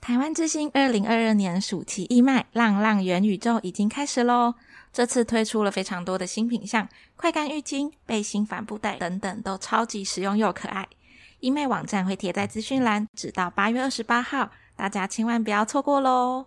台灣之星二零二二年暑期義賣浪浪元宇宙已經開始嘍！這次推出了非常多的新品項，快乾浴巾、背心、帆布袋等等，都超級實用又可愛。義賣網站會貼在資訊欄，直到八月二十八號，大家千萬不要錯過嘍！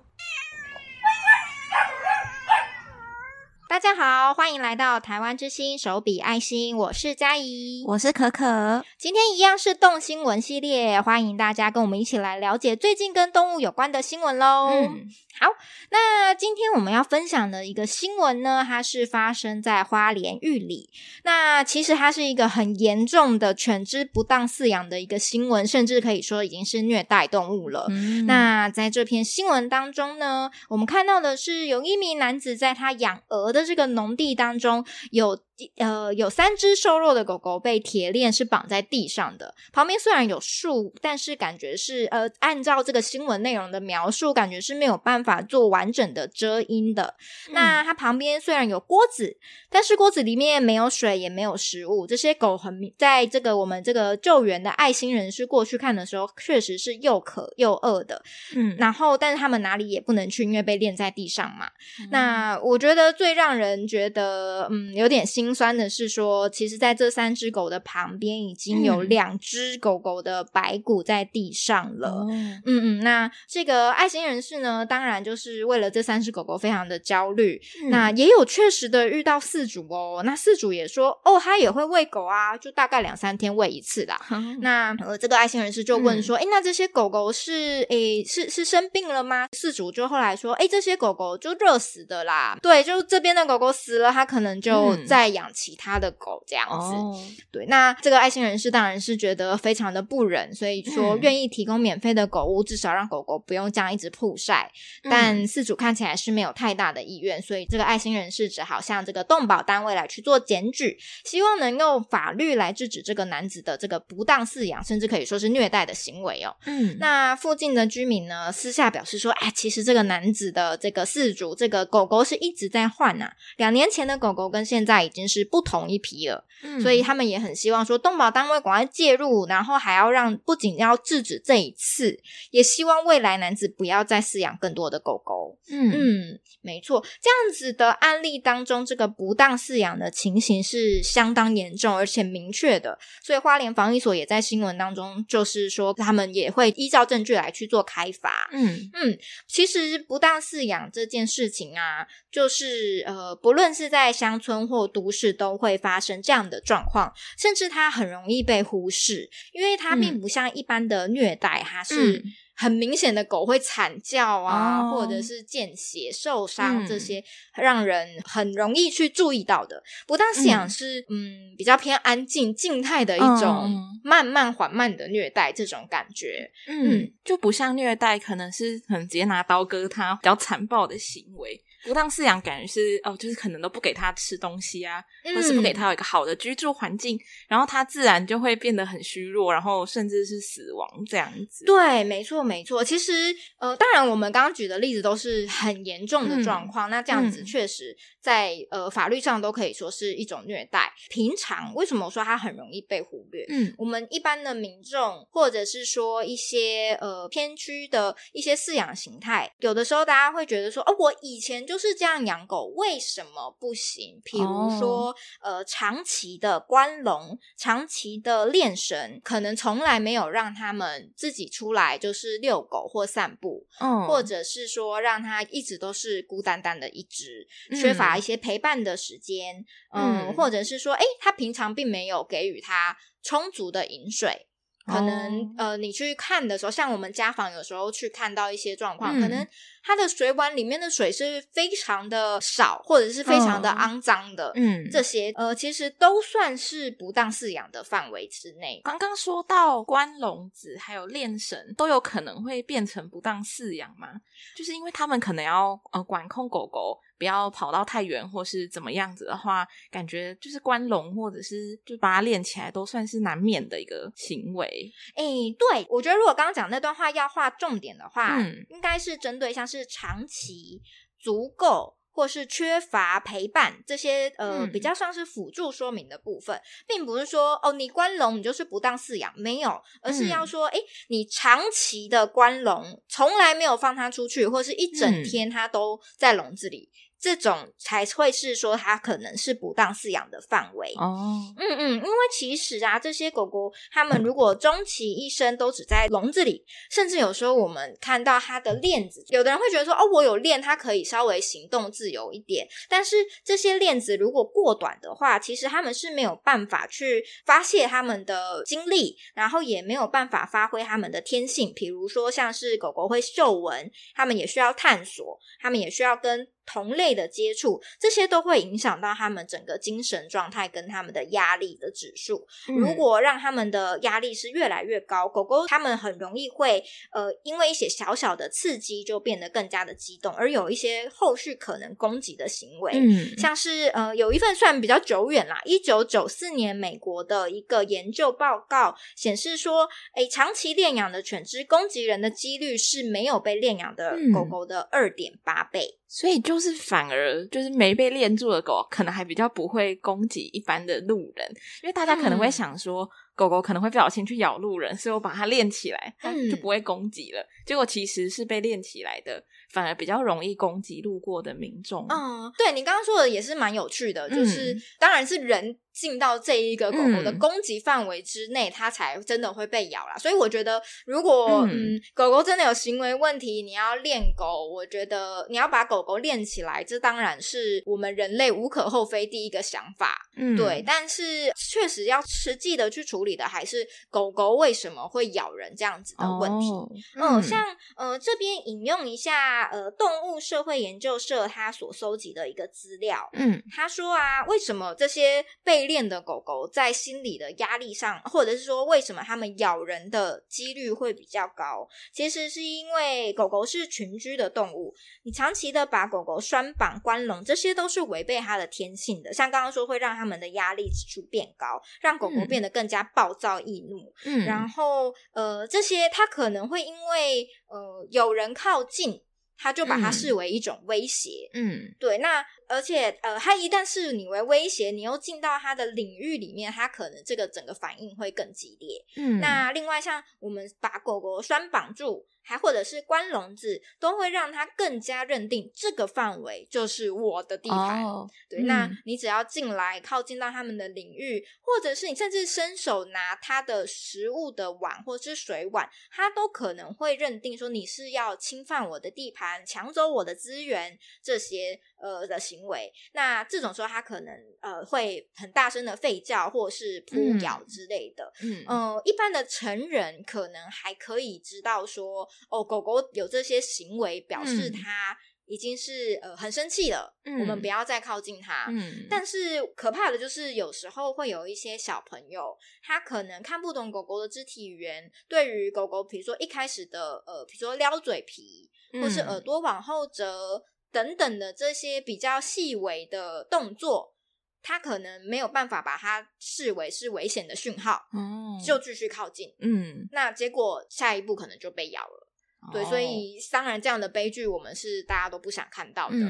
大家好，歡迎來到台灣之星手筆愛心，我是佳怡，我是可可。今天一樣是動新聞系列，歡迎大家跟我們一起來了解最近跟動物有關的新聞嘍、嗯。好，那今天我們要分享的一個新聞呢，它是發生在花蓮玉里。那其實它是一個很嚴重的犬只不當飼養的一個新聞，甚至可以說已經是虐待動物了，嗯嗯。那在這篇新聞當中呢，我們看到的是有一名男子在他養鵝的。這個農地當中有，呃，有三隻瘦弱的狗狗被鐵鏈是綁在地上的。旁邊雖然有樹，但是感覺是呃，按照這個新聞內容的描述，感覺是沒有辦法做完整的遮陰的。嗯、那它旁邊雖然有鍋子，但是鍋子裡面沒有水，也沒有食物。這些狗很，在這個我們這個救援的愛心人士過去看的時候，確實是又渴又餓的。嗯，然後但是他們哪裡也不能去，因為被鏈在地上嘛、嗯。那我覺得最讓人覺得嗯有點心。心酸，酸的是說，其實在這三只狗的旁邊已經有兩只狗狗的白骨在地上了。嗯嗯，那這個愛心人士呢，當然就是為了這三只狗狗非常的焦慮。嗯、那也有確實的遇到飼主哦，那飼主也說哦，他也會餵狗啊，就大概兩三天餵一次啦。嗯、那呃，這個愛心人士就問說，哎、嗯，那這些狗狗是誒是，是生病了嗎？飼主就後來說，哎，這些狗狗就熱死的啦。對，就是這邊的狗狗死了，他可能就在。養其他的狗這樣子，oh. 對，那這個愛心人士當然是覺得非常的不忍，所以說願意提供免費的狗屋，至少讓狗狗不用這樣一直曝曬。Mm -hmm. 但飼主看起來是沒有太大的意願，所以這個愛心人士只好向這個動保單位來去做檢舉，希望能用法律來制止這個男子的這個不當飼養，甚至可以說是虐待的行為哦。嗯、mm -hmm.，那附近的居民呢私下表示說，哎，其實這個男子的這個飼主，這個狗狗是一直在換吶、啊，兩年前的狗狗跟現在已經。是不同一批了、嗯。所以他們也很希望說動保單位趕快介入，然後還要讓不僅要制止這一次，也希望未來男子不要再飼養更多的狗狗。嗯嗯，沒錯，這樣子的案例當中，這個不當飼養的情形是相當嚴重而且明確的，所以花蓮防疫所也在新聞當中就是說，他們也會依照證據來去做開罰。嗯嗯，其實不當飼養這件事情啊，就是呃，不論是在鄉村或都是都會發生這樣的狀況，甚至它很容易被忽視，因為它並不像一般的虐待，它、嗯、是很明顯的狗會慘叫啊，哦、或者是見血、受傷、嗯、這些讓人很容易去注意到的。不當飼養是嗯、嗯，比較偏安靜、靜態的一種，嗯、慢慢緩慢的虐待這種感覺嗯，嗯，就不像虐待，可能是很直接拿刀割它，比較殘暴的行為。不當飼養，感覺是哦，就是可能都不給他吃東西啊，或是不給他有一個好的居住環境，嗯、然後他自然就會變得很虛弱，然後甚至是死亡這樣子。對，沒錯，沒錯。其實呃，當然我們剛剛舉的例子都是很嚴重的狀況，嗯、那這樣子確實在、嗯、呃法律上都可以說是一種虐待。平常為什麼我說它很容易被忽略？嗯，我們一般的民眾或者是說一些呃偏區的一些飼養形態，有的時候大家會覺得說哦，我以前就是這樣養狗為什麼不行？比如說，oh. 呃，長期的關籠、長期的鍊繩可能從來沒有讓他們自己出來，就是遛狗或散步，oh. 或者是說讓他一直都是孤單單的一隻、嗯、缺乏一些陪伴的時間、嗯，嗯，或者是說，哎、欸，他平常並沒有給予他充足的飲水，可能，oh. 呃，你去看的時候，像我們家訪有時候去看到一些狀況、嗯，可能。它的水管裡面的水是非常的少，或者是非常的骯髒的，嗯，嗯，這些呃，其實都算是不當飼養的範圍之內。剛剛說到關籠子，還有鍊繩，都有可能會變成不當飼養嗎？就是因為他們可能要呃，管控狗狗，不要跑到太遠，或是怎麼樣子的話，感覺就是關籠或者是就把它鍊起來，都算是難免的一個行為。哎、欸，對，我覺得如果剛剛講那段話要畫重點的話，嗯，應該是針對像是。是長期足夠，或是缺乏陪伴這些呃、嗯、比較算是輔助說明的部分，並不是說哦，你關籠你就是不當飼養，沒有，而是要說哎、嗯欸、你長期的關籠，從來沒有放它出去，或是一整天它都在籠子裡。嗯嗯這種才會是說它可能是不當飼養的範圍哦，oh. 嗯嗯，因為其實啊，這些狗狗它們如果終其一生都只在籠子裡，甚至有時候我們看到它的鏈子，有的人會覺得說哦，我有鏈，它可以稍微行動自由一點。但是這些鏈子如果過短的話，其實它們是沒有辦法去發泄它們的精力，然後也沒有辦法發揮它們的天性。比如說像是狗狗會嗅聞，它們也需要探索，它們也需要跟。同類的接觸，這些都會影響到他們整個精神狀態跟他們的壓力的指數。嗯。如果讓他們的壓力是越來越高，狗狗他們很容易會呃，因為一些小小的刺激就變得更加的激動，而有一些後續可能攻擊的行為。嗯，像是呃，有一份算比較久遠啦，一九九四年美國的一個研究報告顯示說，誒、欸、長期鍊養的犬只攻擊人的幾率是沒有被鍊養的狗狗的二點八倍。所以就是反而就是沒被鏈住的狗，可能還比較不會攻擊一般的路人，因為大家可能會想說，嗯、狗狗可能會不小心去咬路人，所以我把它鏈起來，就不會攻擊了，嗯。結果其實是被鏈起來的，反而比較容易攻擊路過的民眾。嗯，對，你剛剛說的也是蠻有趣的，就是、嗯、當然是人。進到這一個狗狗的攻擊範圍之內，它、嗯、才真的會被咬啦。所以我覺得，如果嗯，嗯狗狗真的有行為問題，你要練狗，我覺得你要把狗狗練起來，這當然是我們人類無可厚非第一個想法，嗯、對。但是確實要實際的去處理的，還是狗狗為什麼會咬人這樣子的問題。哦、嗯，嗯，像呃這邊引用一下呃動物社會研究社他所收集的一個資料，嗯，他說啊，為什麼這些被鍊的狗狗在心理的壓力上，或者是說為什麼它們咬人的幾率會比較高？其實是因為狗狗是群居的動物，你長期的把狗狗拴綁關籠，這些都是違背它的天性的。像剛剛說會讓它們的壓力指數變高，讓狗狗變得更加暴躁易怒。嗯，然後呃，這些它可能會因為呃有人靠近，它就把它視為一種威脅。嗯，對，那。而且，呃，它一旦視你為威脅，你又進到它的領域裡面，它可能這個整個反應會更激烈。嗯，那另外像我們把狗狗拴綁住，還或者是關籠子，都會讓它更加認定這個範圍就是我的地盤。哦，對，那你只要進來靠近到它們的領域，或者是你甚至伸手拿它的食物的碗或是水碗，它都可能會認定說你是要侵犯我的地盤，搶走我的資源這些呃的行為那這種時候，它可能呃會很大聲的吠叫，或是撲咬之類的。嗯，嗯、呃、一般的成人可能還可以知道說，哦，狗狗有這些行為，表示它已經是呃很生氣了、嗯。我們不要再靠近它、嗯嗯。但是可怕的就是，有時候會有一些小朋友，他可能看不懂狗狗的肢體語言。對於狗狗，比如說一開始的呃，比如說撩嘴皮，或是耳朵往後折。等等的這些比較細微的動作，它可能沒有辦法把它視為是危險的訊號，哦，就繼續靠近，嗯，那結果下一步可能就被咬了，哦、對，所以當然這樣的悲劇我們是大家都不想看到的嗯，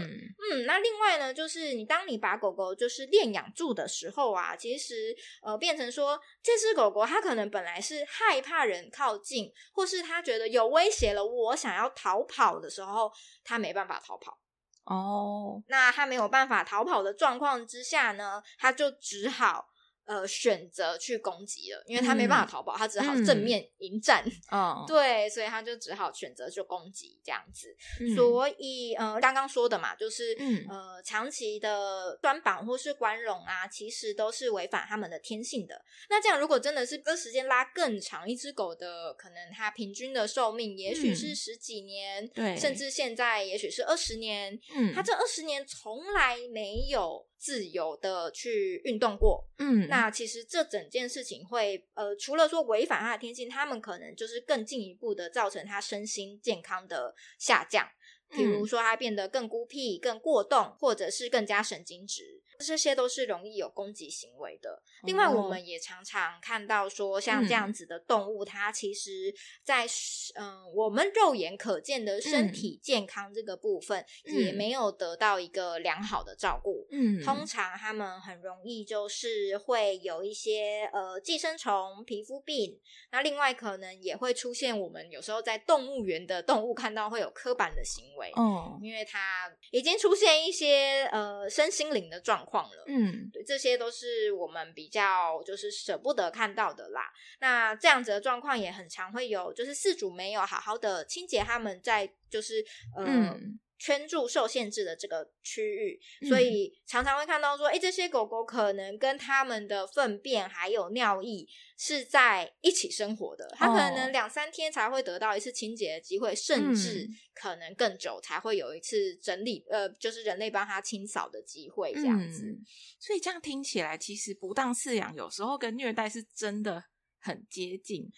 嗯，那另外呢，就是你當你把狗狗就是鍊養住的時候啊，其實呃變成說這只狗狗它可能本來是害怕人靠近，或是它覺得有威脅了，我想要逃跑的時候，它沒辦法逃跑。哦，那他沒有辦法逃跑的狀況之下呢，他就只好。呃，選擇去攻擊了，因為他沒辦法逃跑，他只好正面迎戰。嗯嗯、哦，對，所以他就只好選擇就攻擊這樣子，嗯。所以，呃，剛剛說的嘛，就是、嗯、呃，長期的拴綁或是關籠啊，其實都是違反他們的天性的。那這樣，如果真的是跟時間拉更長，一隻狗的可能它平均的壽命也許是十幾年，嗯，對，甚至現在也許是二十年。嗯，它這二十年從來沒有。自由的去運動過，嗯，那其實這整件事情會，呃，除了說違反他的天性，他們可能就是更進一步的造成他身心健康的下降，比如說他變得更孤僻、更過動，或者是更加神經質。這些都是容易有攻擊行為的。另外，我們也常常看到說，像這樣子的動物，嗯、它其實在嗯、呃，我們肉眼可見的身體健康這個部分，嗯、也沒有得到一個良好的照顧。嗯，通常它們很容易就是會有一些呃寄生蟲、皮膚病。那另外，可能也會出現我們有時候在動物園的動物看到會有刻板的行為。哦，因為它已經出現一些呃身心靈的狀況了，嗯，對，這些都是我們比較就是捨不得看到的啦。那這樣子的狀況也很常會有，就是飼主沒有好好的清潔，他們在就是、呃、嗯。圈住受限制的這個區域，所以常常會看到說，哎、欸，這些狗狗可能跟他們的糞便還有尿液是在一起生活的，它可能兩三天才會得到一次清潔的機會，哦、甚至可能更久才會有一次整理，嗯、呃，就是人類幫它清掃的機會這樣子、嗯。所以這樣聽起來，其實不當飼養有時候跟虐待是真的很接近。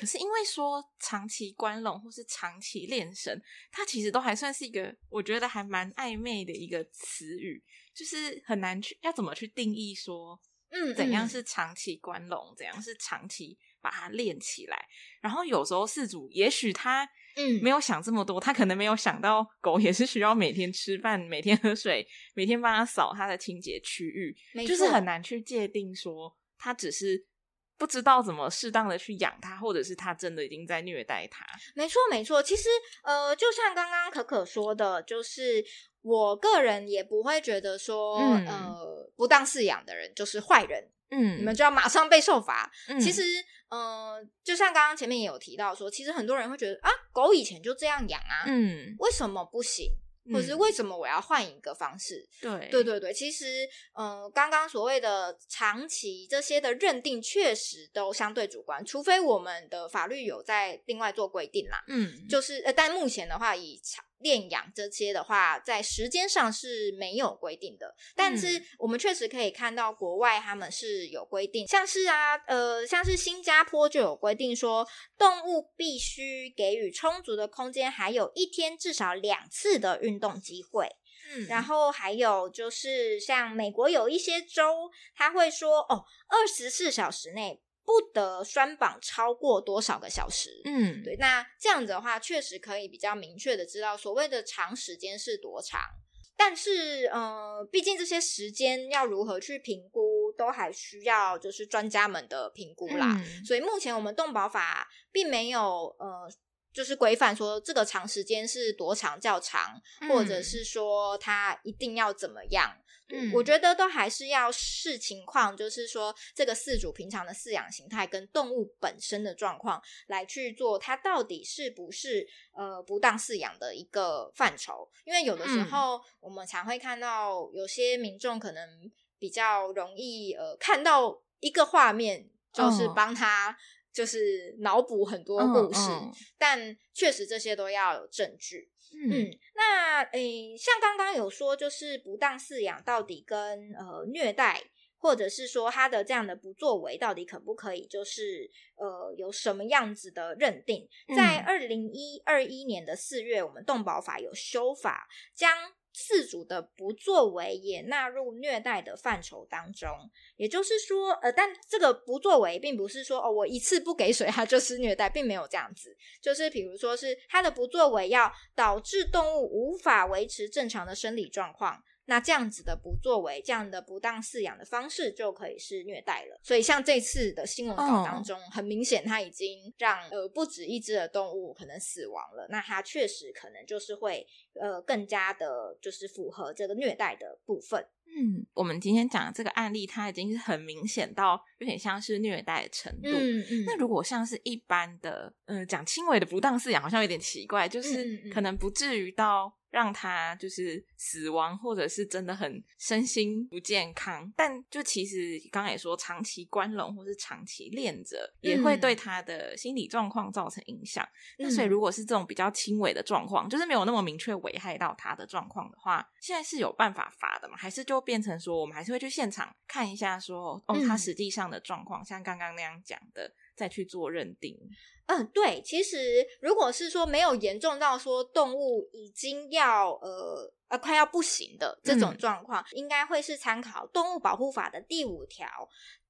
可是因為說長期關籠或是長期練神，它其實都還算是一個我覺得還蠻曖昧的一個詞語，就是很難去要怎麼去定義說，嗯，怎樣是長期關籠，怎樣是長期把它練起來。然後有時候飼主也許他嗯沒有想這麼多，他可能沒有想到狗也是需要每天吃飯、每天喝水、每天幫他掃它的清潔區域，就是很難去界定說它只是，不知道怎麼適當的去養它，或者是他真的已經在虐待它。沒錯，沒錯。其實，呃，就像剛剛可可說的，就是我個人也不會覺得說，嗯、呃，不當飼養的人就是壞人。嗯，你們就要馬上被受罰、嗯。其實，呃，就像剛剛前面也有提到說，其實很多人會覺得啊，狗以前就這樣養啊，嗯，為什麼不行？或者是為什麼我要換一個方式？對、嗯、對對對，其實，嗯、呃，剛剛所謂的長期這些的認定，確實都相對主觀，除非我們的法律有在另外做規定啦。嗯，就是呃，但目前的話以長。鍊養這些的話，在時間上是沒有規定的，但是我們確實可以看到國外他們是有規定，像是啊，呃，像是新加坡就有規定說，動物必須給予充足的空間，還有一天至少兩次的運動機會。嗯，然後還有就是像美國有一些州，他會說哦，二十四小時內，不得拴綁超過多少個小時？嗯，對，那這樣子的話，確實可以比較明確的知道所謂的長時間是多長。但是，呃，畢竟這些時間要如何去評估，都還需要就是專家們的評估啦。嗯，所以目前我們動保法並沒有呃，就是規範說這個長時間是多長較長，或者是說它一定要怎麼樣。嗯嗯、我覺得都還是要視情況，就是說這個飼主平常的飼養形態跟動物本身的狀況來去做，它到底是不是呃不當飼養的一個範疇？因為有的時候、嗯、我們常會看到有些民眾可能比較容易呃看到一個畫面，就是幫他。嗯就是腦補很多故事，oh, oh. 但確實這些都要有證據。Mm. 嗯，那誒，像剛剛有說，就是不當飼養到底跟呃虐待，或者是說他的這樣的不作為，到底可不可以就是呃有什麼樣子的認定？Mm. 在二零二一年的四月，我們動保法有修法，將。飼主的不作為也納入虐待的範疇當中，也就是說，呃，但這個不作為並不是說哦，我一次不給水它就是虐待，並沒有這樣子，就是比如說是它的不作為要導致動物無法維持正常的生理狀況。那這樣子的不作為，這樣的不當飼養的方式，就可以是虐待了。所以像這次的新聞稿當中，哦、很明顯它已經讓呃不止一隻的動物可能死亡了。那它確實可能就是會呃更加的，就是符合這個虐待的部分。嗯，我們今天講這個案例，它已經是很明顯到有點像是虐待的程度。嗯嗯。那如果像是一般的呃講輕微的不當飼養，好像有點奇怪，就是可能不至於到、嗯。嗯到讓他就是死亡，或者是真的很身心不健康。但就其實，剛剛也說，長期關籠或是長期鍊著，也會對他的心理狀況造成影響。嗯、那所以，如果是這種比較輕微的狀況、嗯，就是沒有那麼明確危害到他的狀況的話，現在是有辦法罰的嘛？還是就變成說，我們還是會去現場看一下說，說哦，他實際上的狀況，像剛剛那樣講的。再去做認定，嗯，對，其實如果是說沒有嚴重到說動物已經要呃呃、啊、快要不行的這種狀況，嗯，應該會是參考《動物保護法》的第五條。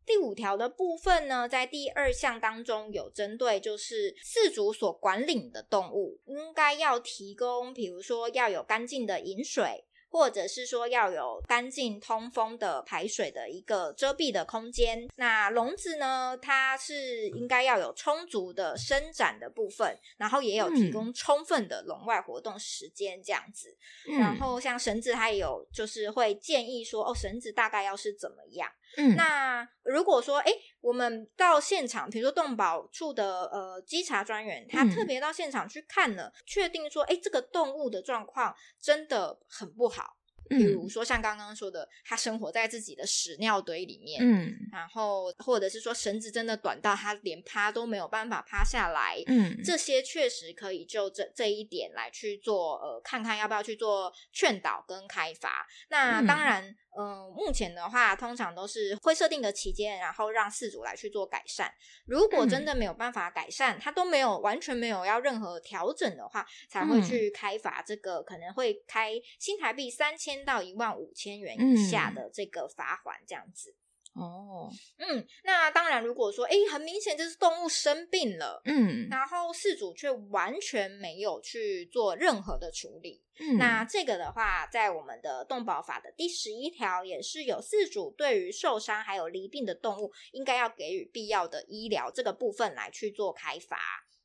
第五條的部分呢，在第二項當中有針對，就是飼主所管理的動物應該要提供，比如說要有乾淨的飲水。或者是說要有乾淨、通風的排水的一個遮蔽的空間。那籠子呢？它是應該要有充足的伸展的部分，然後也有提供充分的籠外活動時間這樣子。嗯、然後像繩子，它也有就是會建議說哦，繩子大概要是怎麼樣？嗯、那如果說，哎、欸，我們到現場，比如說動保處的呃稽查專員，他特別到現場去看了，確、嗯、定說，哎、欸，這個動物的狀況真的很不好。嗯、比如說像剛剛說的，它生活在自己的屎尿堆裡面，嗯，然後或者是說繩子真的短到它連趴都沒有辦法趴下來，嗯，這些確實可以就這這一點來去做呃，看看要不要去做勸導跟開罰，那當然。嗯嗯，目前的話，通常都是會設定個期間，然後讓飼主來去做改善。如果真的沒有辦法改善，他都沒有完全沒有要任何調整的話，才會去開罰這個、嗯，可能會開新台幣三千到一萬五千元以下的這個罰鍰、嗯、這樣子。哦、oh.，嗯，那當然，如果說，誒、欸、很明顯就是動物生病了，嗯、mm.，然後飼主卻完全沒有去做任何的處理，mm. 那這個的話，在我們的動保法的第十一條也是有飼主對於受傷還有罹病的動物，應該要給予必要的醫療這個部分來去做開罰、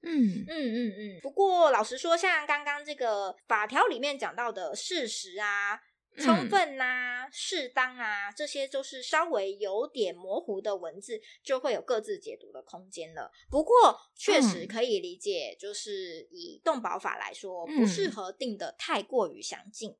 mm. 嗯，嗯嗯嗯嗯。不過老實說，像剛剛這個法條裡面講到的事實啊，充分啊、嗯，適當啊，這些就是稍微有點模糊的文字，就會有各自解讀的空間了。不過，確實可以理解，就是以動保法來說、嗯，不適合定得太過於詳盡，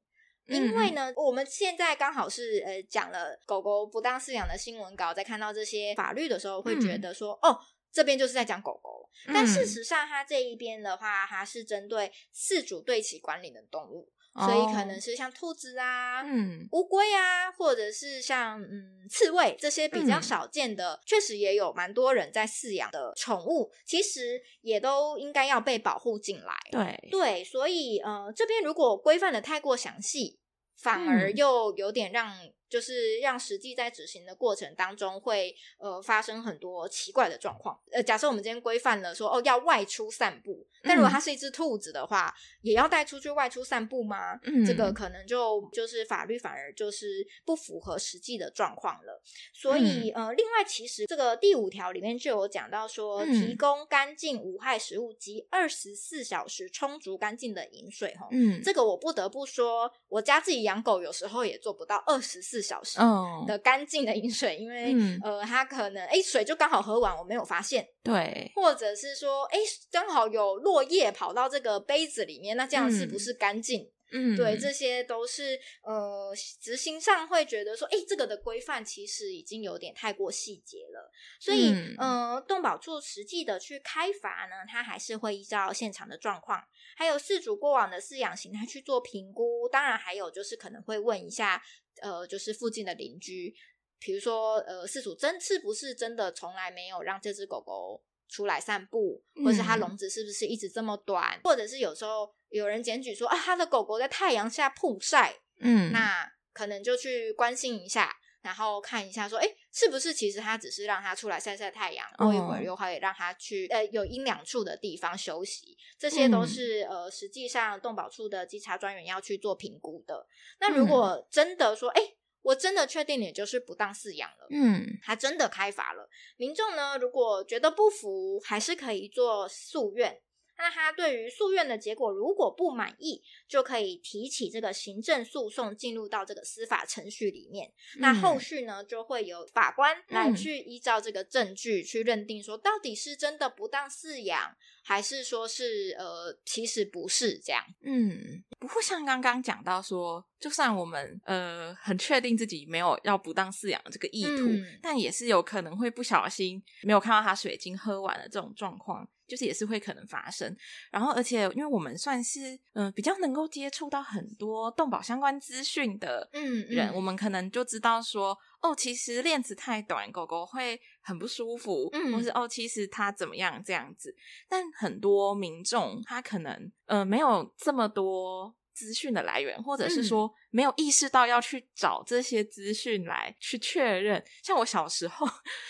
嗯、因為呢，我們現在剛好是呃講了狗狗不當飼養的新聞稿，在看到這些法律的時候，會覺得說、嗯，哦，這邊就是在講狗狗，嗯、但事實上，它這一邊的話，它是針對飼主對其管理的動物。Oh, 所以可能是像兔子啊、嗯、烏龜啊，或者是像嗯刺蝟這些比較少見的、嗯，確實也有蠻多人在飼養的寵物，其實也都應該要被保護進來。對對，所以呃，這邊如果規範的太過詳細，反而又有點讓。就是讓實際在執行的過程當中會呃發生很多奇怪的狀況。呃，假設我們今天規範了說，哦要外出散步，但如果它是一隻兔子的話，嗯、也要帶出去外出散步嗎？嗯，這個可能就就是法律反而就是不符合實際的狀況了。所以、嗯、呃，另外其實這個第五條裡面就有講到說，嗯、提供乾淨無害食物及二十四小時充足乾淨的飲水。嗯，這個我不得不說，我家自己養狗有時候也做不到二十四。小、oh, 時的乾淨的飲水，因為、嗯、呃，他可能哎，水就剛好喝完，我沒有發現。對，或者是說哎，剛好有落葉跑到這個杯子裡面，那這樣是不是乾淨？嗯，嗯對，這些都是呃，執行上會覺得說，哎，這個的規範其實已經有點太過細節了。所以，嗯、呃，動保處實際的去開罰呢，它還是會依照現場的狀況，還有飼主過往的飼養形態去做評估。當然，還有就是可能會問一下。呃，就是附近的鄰居，比如說，呃，飼主真是不是真的從來沒有讓這隻狗狗出來散步，或是它籠子是不是一直這麼短，嗯、或者是有時候有人檢舉說啊，他的狗狗在太陽下曝曬，嗯，那可能就去關心一下。然後看一下，說，哎，是不是其實他只是讓他出來曬曬太陽，過一會兒又會讓他去，呃，有陰涼處的地方休息，這些都是、嗯、呃，實際上動保處的稽查專員要去做評估的。那如果真的說，哎、嗯，我真的確定你就是不當飼養了，嗯，他真的開罰了，民眾呢，如果覺得不服，還是可以做訴願。那他對於訴願的結果如果不滿意，就可以提起這個行政訴訟，進入到這個司法程序裡面、嗯。那後續呢，就會由法官來去依照這個證據去認定說，說、嗯、到底是真的不當飼養。還是說是呃，其實不是這樣。嗯，不會像剛剛講到說，就算我們呃很確定自己沒有要不當飼養的這個意圖，嗯、但也是有可能會不小心沒有看到它水已經喝完了這種狀況，就是也是會可能發生。然後，而且因為我們算是嗯、呃、比較能夠接觸到很多動保相關資訊的人嗯人、嗯，我們可能就知道說哦，其實鏈子太短，狗狗會。很不舒服，或是哦，其實他怎麼樣這樣子。但很多民眾他可能，呃，沒有這麼多。資訊的來源，或者是說沒有意識到要去找這些資訊來去確認、嗯。像我小時候，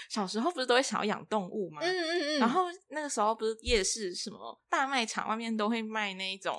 小時候不是都會想要養動物嗎？嗯嗯嗯。然後那個時候不是夜市什麼大賣場外面都會賣那種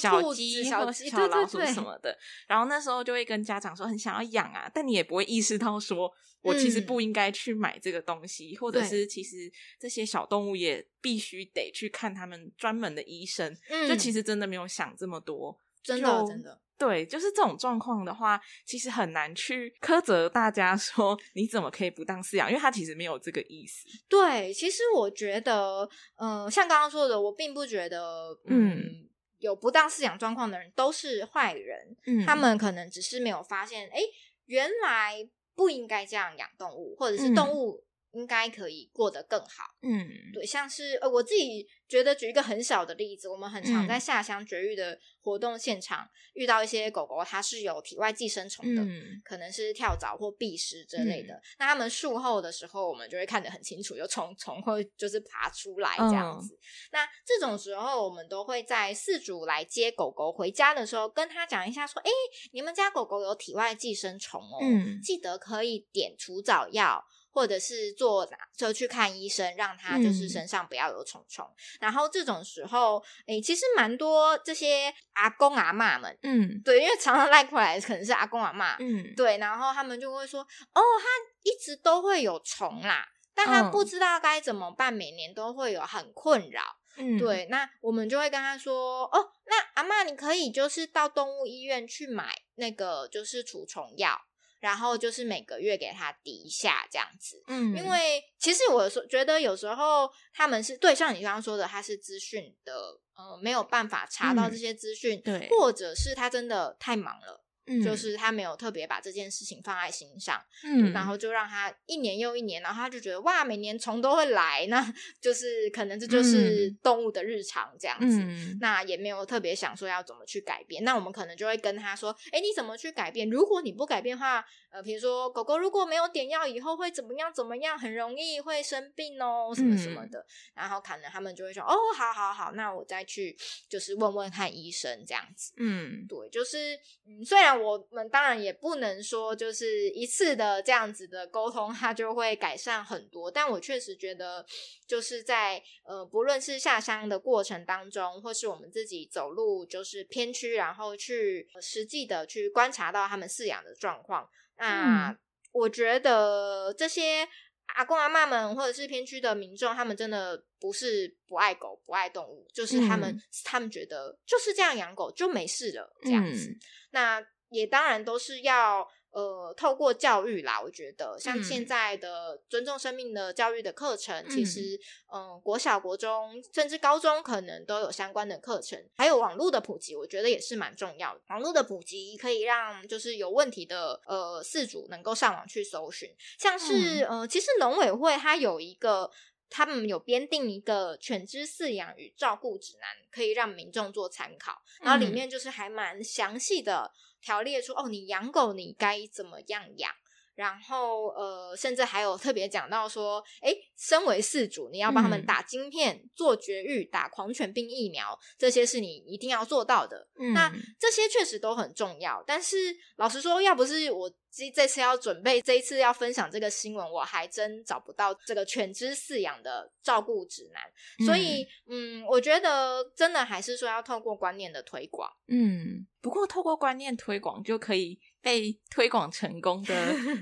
小雞、哦、小、小老鼠對對對對什麼的。然後那時候就會跟家長說很想要養啊，但你也不會意識到說我其實不應該去買這個東西、嗯，或者是其實這些小動物也必須得去看他們專門的醫生。嗯，就其實真的沒有想這麼多。真的，真的，對，就是這種狀況的話，其實很難去苛責大家說你怎麼可以不當飼養，因為他其實沒有這個意思。對，其實我覺得，嗯、呃，像剛剛說的，我並不覺得，嗯，嗯有不當飼養狀況的人都是壞人，嗯，他們可能只是沒有發現，哎、欸，原來不應該這樣養動物，或者是動物。應該可以過得更好。嗯，對，像是呃，我自己覺得，舉一個很小的例子，我們很常在下鄉絕育的活動現場、嗯、遇到一些狗狗，它是有體外寄生蟲的、嗯，可能是跳蚤或壁蝨之類的。嗯、那他們術後的時候，我們就會看得很清楚，有蟲蟲會就是爬出來這樣子。嗯、那這種時候，我們都會在飼主來接狗狗回家的時候，跟他講一下說：“哎、欸，你們家狗狗有體外寄生蟲哦、喔嗯，記得可以點除蚤藥。”或者是坐哪車去看醫生，讓他就是身上不要有蟲蟲、嗯。然後這種時候，哎、欸，其實蠻多這些阿公阿嬤們，嗯，對，因為常常賴過來可能是阿公阿嬤，嗯，對，然後他們就會說，哦，他一直都會有蟲啦，但他不知道該怎麼辦，每年都會有很困擾、嗯。對，那我們就會跟他說，哦，那阿嬤你可以就是到動物醫院去買那個就是除蟲藥。然後就是每個月給他抵一下這樣子，嗯，因為其實我說覺得有時候他們是對，像你剛剛說的，他是資訊的，呃，沒有辦法查到這些資訊，嗯，對，或者是他真的太忙了。就是他沒有特別把這件事情放在心上，嗯，然後就讓他一年又一年，然後他就覺得哇，每年蟲都會來，那就是可能這就是動物的日常這樣子，嗯，那也沒有特別想說要怎麼去改變。那我們可能就會跟他說，哎，欸，你怎麼去改變？如果你不改變的話，呃，比如說狗狗如果沒有點藥，以後會怎麼樣？怎麼樣？很容易會生病哦，什麼什麼的，嗯。然後可能他們就會說，哦，好好好，那我再去就是問問看醫生這樣子。嗯，對，就是嗯，雖然。我們當然也不能說，就是一次的這樣子的溝通，它就會改善很多。但我確實覺得，就是在呃，不論是下鄉的過程當中，或是我們自己走路，就是偏區，然後去實際的去觀察到他們飼養的狀況。那、嗯、我覺得這些阿公阿嬤們，或者是偏區的民眾，他們真的不是不愛狗、不愛動物，就是他們、嗯、他們覺得就是這樣養狗就沒事了這樣子。嗯、那也當然都是要呃透過教育啦，我覺得像現在的尊重生命的教育的課程，嗯、其實嗯、呃、國小、國中甚至高中可能都有相關的課程，還有網絡的普及，我覺得也是蠻重要的。網絡的普及可以讓就是有問題的呃飼主能夠上網去搜尋，像是、嗯、呃其實農委會它有一個，他們有編訂一個犬隻飼養與照顧指南，可以讓民眾做參考，嗯、然後裡面就是還蠻詳細的。條列出哦，你養狗你該怎麼樣養？然後，呃，甚至還有特別講到說，誒，身為飼主，你要幫他們打晶片，嗯、做絕育、打狂犬病疫苗，這些是你一定要做到的。嗯、那這些確實都很重要。但是，老實說，要不是我這這次要準備這一次要分享這個新聞，我還真找不到這個犬隻飼養的照顧指南。所以嗯，嗯，我覺得真的還是說要透過觀念的推廣。嗯，不過透過觀念推廣就可以。被推廣成功的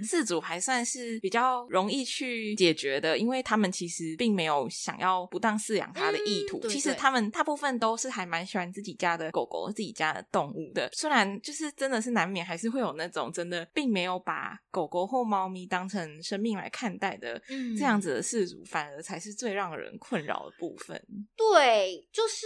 飼主還算是比較容易去解決的， 因為他們其實並沒有想要不當飼養它的意圖。嗯對對。其實他們大部分都是還蠻喜歡自己家的狗狗、自己家的動物的。雖然就是真的是難免，還是會有那種真的並沒有把狗狗或貓咪當成生命來看待的這樣子的飼主，嗯，反而才是最讓人困擾的部分。對，就是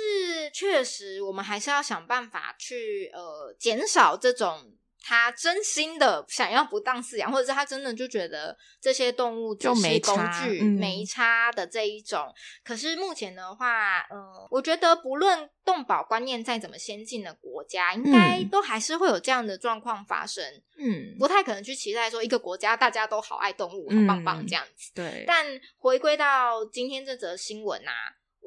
確實，我們還是要想辦法去呃減少這種。他真心的想要不當飼養，或者是他真的就覺得這些動物只是工具沒、嗯，沒差的這一種。可是目前的話，嗯，我覺得不論動保觀念再怎麼先進的國家，應該都還是會有這樣的狀況發生。嗯，不太可能去期待說一個國家大家都好愛動物、好棒棒這樣子。嗯、對。但回歸到今天這則新聞啊。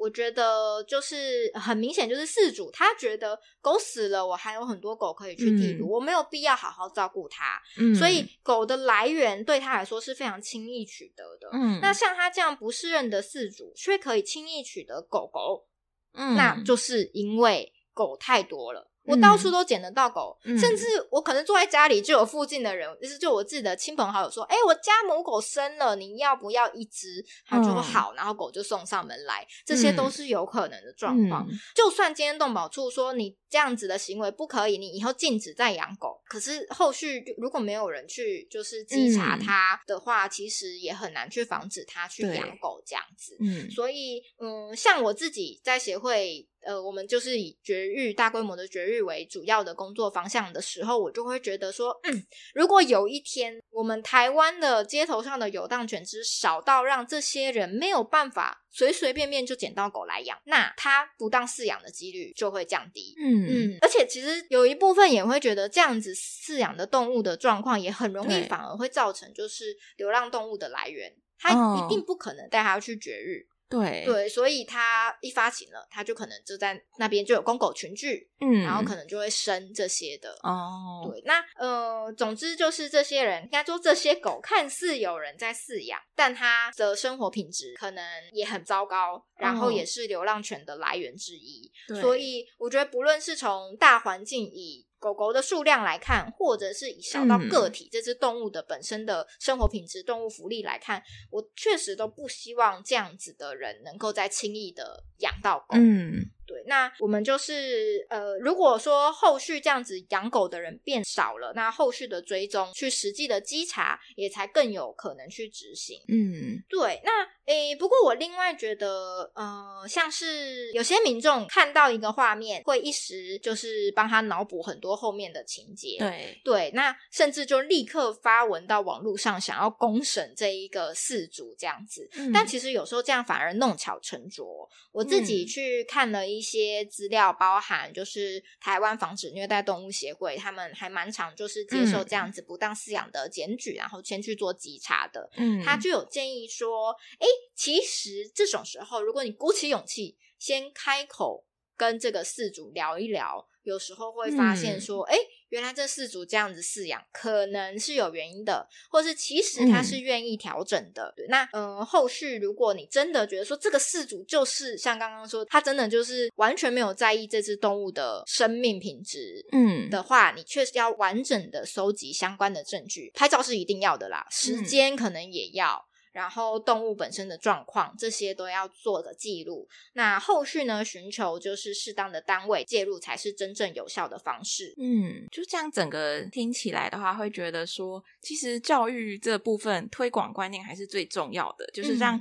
我覺得就是很明顯，就是飼主他覺得狗死了，我還有很多狗可以去遞補、嗯，我沒有必要好好照顧它、嗯，所以狗的來源對他來說是非常輕易取得的。嗯，那像他這樣不適任的飼主卻可以輕易取得狗狗、嗯，那就是因為狗太多了。我到處都撿得到狗、嗯，甚至我可能坐在家裡就有附近的人，就、嗯、是就我自己的親朋好友說：“哎、欸，我家母狗生了，你要不要一隻、哦？”他就好，然後狗就送上門來，這些都是有可能的狀況、嗯。就算今天動保處說你。這樣子的行為不可以，你以後禁止再養狗。可是後續如果沒有人去就是稽查他的話，嗯，其實也很難去防止他去養狗這樣子。嗯，所以嗯，像我自己在協會，呃，我們就是以絕育、大規模的絕育為主要的工作方向的時候，我就會覺得說，嗯，如果有一天我們台灣的街頭上的遊蕩犬只少到讓這些人沒有辦法。隨隨便便就撿到狗來養，那它不當飼養的幾率就會降低。嗯嗯，而且其實有一部分也會覺得這樣子飼養的動物的狀況也很容易，反而會造成就是流浪動物的來源，它一定不可能帶它去絕育。對對，所以它一發情了，它就可能就在那邊就有公狗群聚，嗯，然後可能就會生這些的哦。對，那，呃，總之就是這些人，應該說這些狗看似有人在飼養，但它的生活品質可能也很糟糕，然後也是流浪犬的來源之一。哦，所以我覺得，不論是從大環境以狗狗的數量來看，或者是以小到個體、嗯、這隻動物的本身的生活品質、動物福利來看，我確實都不希望這樣子的人能夠再輕易的養到狗。嗯。那我們就是呃，如果說後續這樣子養狗的人變少了，那後續的追蹤去實際的稽查也才更有可能去執行。嗯，對。那誒，不過我另外覺得，呃，像是有些民眾看到一個畫面，會一時就是幫他腦補很多後面的情節。對對。那甚至就立刻發文到網絡上，想要公審這一個事主這樣子，嗯。但其實有時候這樣反而弄巧成拙。我自己去看了一些。些資料包含就是台灣防止虐待動物協會，他們還蠻常就是接受這樣子不當飼養的檢舉，嗯，然後先去做稽查的。嗯，他就有建議說，哎，欸，其實這種時候，如果你鼓起勇氣，先開口跟這個飼主聊一聊。有時候會發現說，哎、嗯欸，原來這飼主這樣子飼養，可能是有原因的，或是其實它是願意調整的。嗯、那呃，後續如果你真的覺得說這個飼主就是像剛剛說，它真的就是完全沒有在意這隻動物的生命品質，嗯的話，嗯、你確實要完整的收集相關的證據，拍照是一定要的啦，時間可能也要。嗯然後動物本身的狀況，這些都要做的記錄。那後續呢？尋求就是適當的單位介入，才是真正有效的方式。嗯，就這樣，整個聽起來的話，會覺得說，其實教育這部分推廣觀念還是最重要的，就是讓、嗯、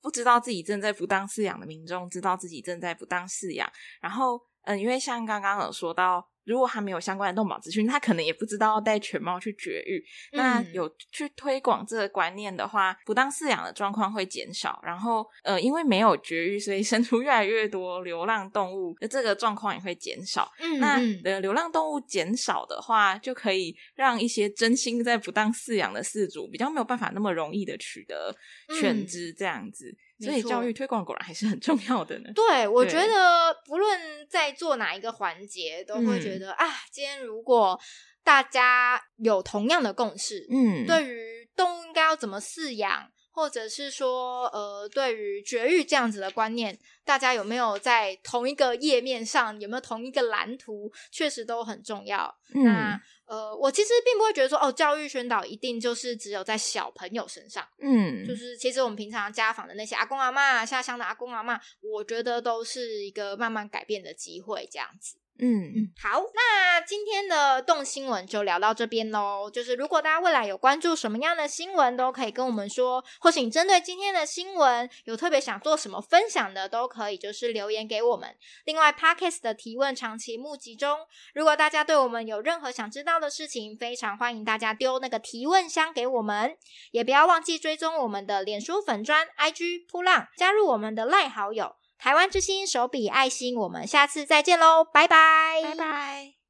不知道自己正在不當飼養的民眾，知道自己正在不當飼養。然後，嗯，因為像剛剛有說到。如果他沒有相關的動保資訊，他可能也不知道要帶犬貓去絕育。嗯。那有去推廣這個觀念的話，不當飼養的狀況會減少。然後，呃，因為沒有絕育，所以生出越來越多流浪動物的這個狀況也會減少。嗯嗯。那流浪動物減少的話，就可以讓一些真心在不當飼養的飼主比較沒有辦法那麼容易的取得犬隻這樣子。嗯所以教育推廣果然還是很重要的呢。對，我覺得不論在做哪一個環節，都會覺得，嗯，啊，今天如果大家有同樣的共識，嗯，對於動物應該要怎麼飼養。或者是說，呃，對於絕育這樣子的觀念，大家有沒有在同一個頁面上，有沒有同一個藍圖，確實都很重要。嗯、那呃，我其實並不會覺得說，哦，教育宣導一定就是只有在小朋友身上，嗯，就是其實我們平常家訪的那些阿公阿嬤、下鄉的阿公阿嬤，我覺得都是一個慢慢改變的機會，這樣子。.嗯嗯，好，那今天的動心聞就聊到這邊嘍。就是如果大家未來有關注什麼樣的新聞，都可以跟我們說，或請針對今天的新聞，有特別想做什麼分享的，都可以就是留言給我們。另外，Podcast 的提問長期募集中，如果大家對我們有任何想知道的事情，非常歡迎大家丟那個提問箱給我們，也不要忘記追蹤我們的臉書粉專、IG 噗浪，加入我們的 LINE 好友。台灣之星，手比愛心，我們下次再見嘍，拜拜，拜拜。